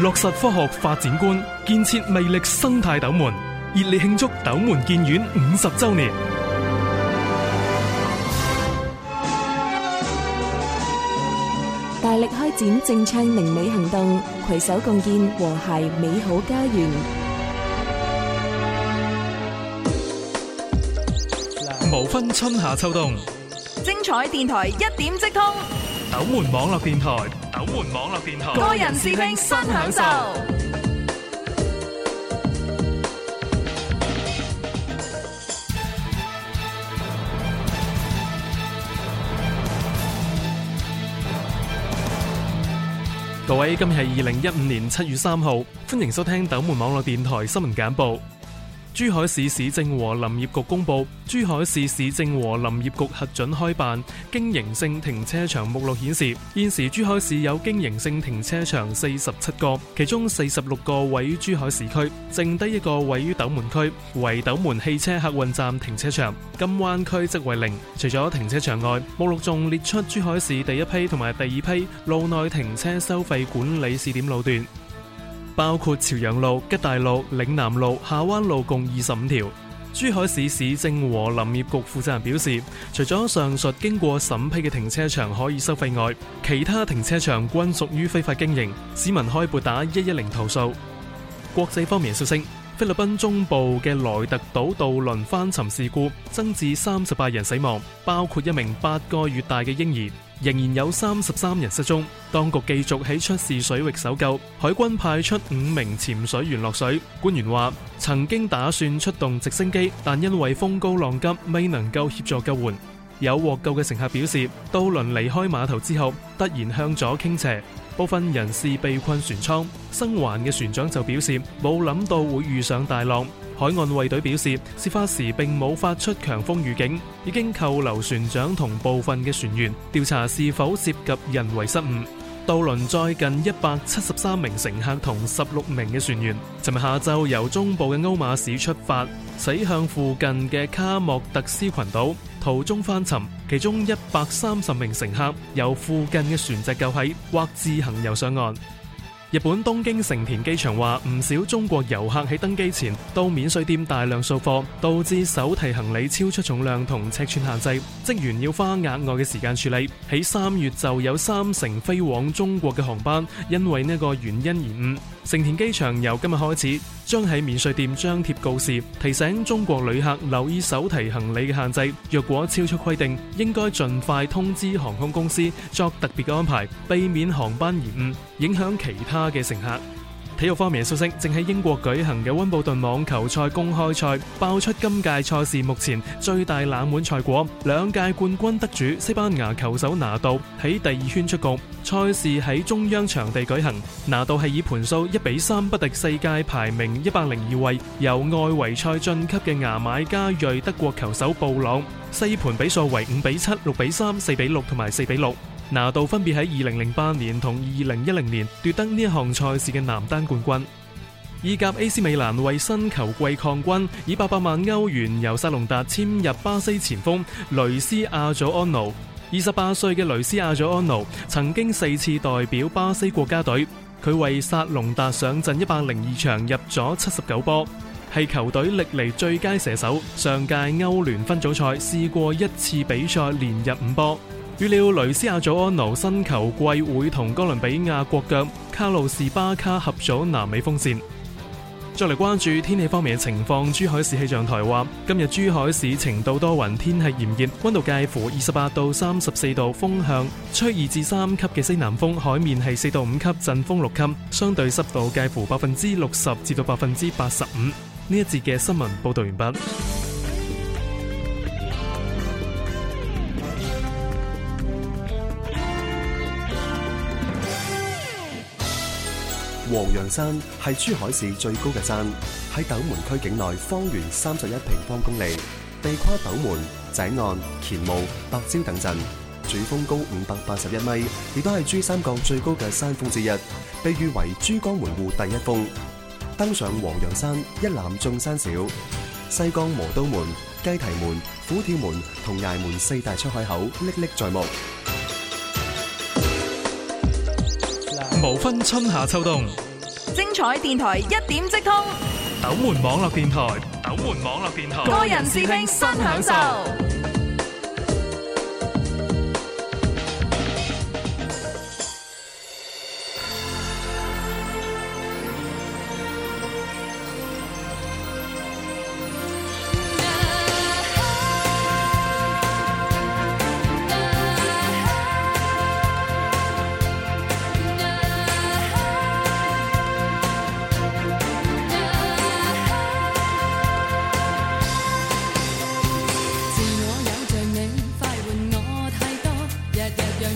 落實科學發展觀，建設魅力生態斗門，熱烈慶祝斗門建縣五十周年，大力開展正昌寧美行動，攜手共建和諧美好家園。無分春夏秋冬，精彩電台一點即通，斗門網絡電台。斗門網絡電台，個人視聽新享受。各位，今日係二零一五年七月三號，歡迎收聽斗門網絡電台新聞簡報。珠海市市政和林業局公布，珠海市市政和林業局核准開辦經營性停車場目錄顯示，現時珠海市有經營性停車場四十七個，其中四十六個位於珠海市區，剩低一個位於斗門區，為斗門汽車客運站停車場。金灣區則為零。除咗停車場外，目錄仲列出珠海市第一批同埋第二批路內停車收費管理試點路段。包括朝陽路、吉大路、嶺南路、夏灣路共二十五條。珠海市市政和林業局負責人表示，除咗上述經過審批嘅停車場可以收費外，其他停車場均屬於非法經營。市民可以撥打一一零投訴。國際方面消息，菲律賓中部嘅萊特島渡輪翻沉事故增至三十八人死亡，包括一名八個月大嘅嬰兒。仍然有三十三人失蹤，當局繼續喺出事水域搜救，海軍派出五名潛水員落水。官員話，曾經打算出動直升機，但因為風高浪急，未能夠協助救援。有獲救嘅乘客表示，渡輪離開碼頭之後，突然向左傾斜。部分人士被困船艙，生還嘅船長就表示冇諗到會遇上大浪。海岸衛隊表示，事發時並冇發出強風預警，已經扣留船長同部分嘅船員，調查是否涉及人為失誤。渡輪載近一百七十三名乘客同十六名嘅船員，尋日下晝由中部嘅歐馬市出發駛向附近嘅卡莫特斯群島途中翻沉，其中一百三十名乘客由附近嘅船隻救起或自行游上岸。日本東京成田機場話，唔少中國遊客喺登機前到免稅店大量掃貨，導致手提行李超出重量同尺寸限制，職員要花額外嘅時間處理。喺三月就有三成飛往中國嘅航班因為呢個原因延誤。成田機場由今日開始，將喺免稅店張貼告示，提醒中國旅客留意手提行李嘅限制。若果超出規定，應該儘快通知航空公司作特別嘅安排，避免航班延誤，影響其他，嘅乘客。體育方面消息，正喺英國舉行嘅溫布頓網球賽公開賽爆出今屆賽事目前最大冷門賽果，兩屆冠軍得主西班牙球手拿度喺第二圈出局。賽事喺中央場地舉行，拿度係以盤數一比三不敵世界排名一百零二位由外圍賽晉級嘅牙買加裔德國球手布朗，四盤比數為五比七、六比三、四比六同埋四比六。拿度分別喺二零零八年同二零一零年奪得呢一項賽事嘅男單冠軍。意甲 AC 米蘭為新球季抗軍，以八百萬歐元由薩隆達簽入巴西前鋒雷斯阿祖安奴。二十八歲嘅雷斯阿祖安奴曾經四次代表巴西國家隊，佢為薩隆達上陣一百零二場入，入咗七十九波，係球隊歷嚟最佳射手。上屆歐聯分組賽試過一次比賽連入五波。預料雷斯亞祖安奴新球季會同哥倫比亞國腳卡路士巴卡合組南美鋒線。再嚟關注天氣方面嘅情況，珠海市氣象台話今日珠海市晴到多雲，天氣炎熱，溫度介乎二十八到三十四度，風向吹二至三級嘅西南風，海面係四到五級陣風六級，相對濕度介乎百分之六十至到百分之八十五。呢一節嘅新聞報道完畢。黃楊山係珠海市最高嘅山，喺斗門區境內，方圓三十一平方公里，地跨斗門、井岸、乾務、白蕉等鎮，主峰高五百八十一米，亦都係珠三角最高嘅山峰之一，被譽為珠江門戶第一峰。登上黃楊山，一覽眾山小，西江磨刀門、雞啼門、虎跳門同崖門四大出海口歷歷在目。無分春夏秋冬，精彩電台一點即通。斗門網絡電台，斗門網絡電台，個人視聽新享受。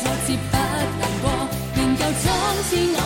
挫折不難過，仍舊闖。